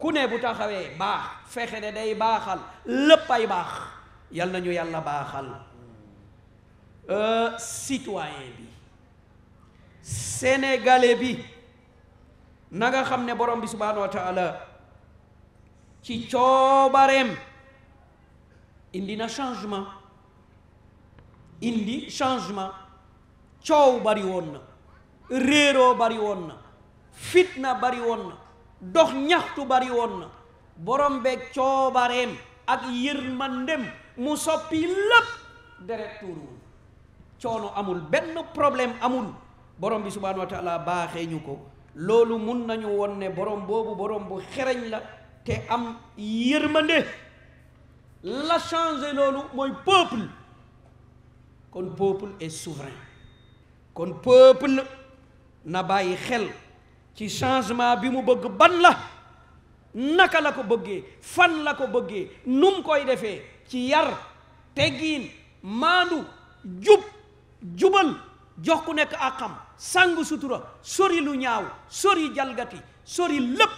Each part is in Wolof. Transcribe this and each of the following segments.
ku ne bu taxawee baax fexe ne day baaxal lépp ay baax yal nañu yàlla baaxal euh, citoyen bi sénégalais bi na nga xam ne borom bi subhaanahu wa taala ci coobareem indi na changement indi changement coow bari woon na réeroo bari woon na fitna bari woon na dox ñaxtu bari woon na borom beeg coobareem ak yërmandem mu soppi lépp deret tuuruwul coono amul benn problème amul borom bi subhanahu wa ñu ko loolu mun nañu woon ne borom boobu borom bu xereñ la te am yërmande la changé loolu mooy peuple kon peuple est souverain kon peuple na bàyyi xel ci changement bi mu bëgg ban la naka la ko bëggee fan la ko bëggee num koy defee ci yar teggiin maandu jub jubal jox ku nekk àqam sàng sutura sori lu ñaaw sori jalgati sori lépp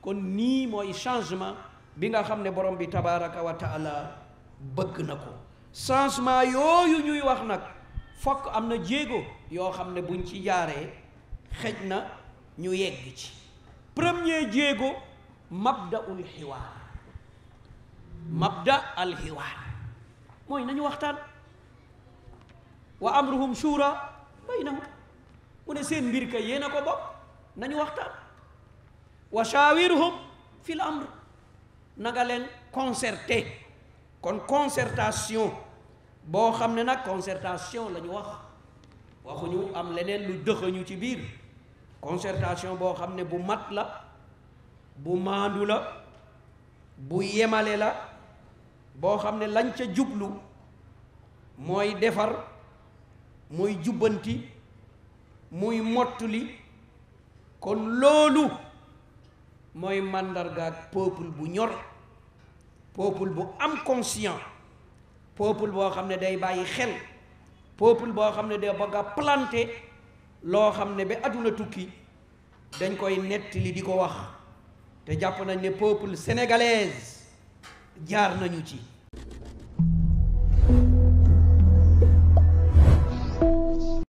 kon nii mooy changement bi nga xam ne borom bi tabaraka wa bëgg na ko changement yooyu ñuy wax nag fokk am na jéego yoo xam ne buñ ci jaaree xej na ñu yegg ci premier jéego mabda ul xiwaar mabda al xiwaar mooy nañu waxtaan wa amruhum shura baynahum mu ne seen mbir kay yéen a ko bopp nañu waxtaan wa shawirhum fil amr na nga leen concerté kon concertation boo xam ne nag concertation lañu ñu wax waxuñu am leneen lu dëxañu ci biir concertation boo xam ne bu mat la bu maandu la bu yemale la boo xam ne lañ ca jublu mooy defar muy jubbanti muy mottuli kon loolu mooy màndargaak peuple bu ñor peuple bu am conscient peuple boo xam ne day bàyyi xel peuple boo xam ne day bëgg a loo xam ne ba àdduna tukki dañ koy li di ko wax te jàpp nañ ne peuple sénégalaise jaar nañu ci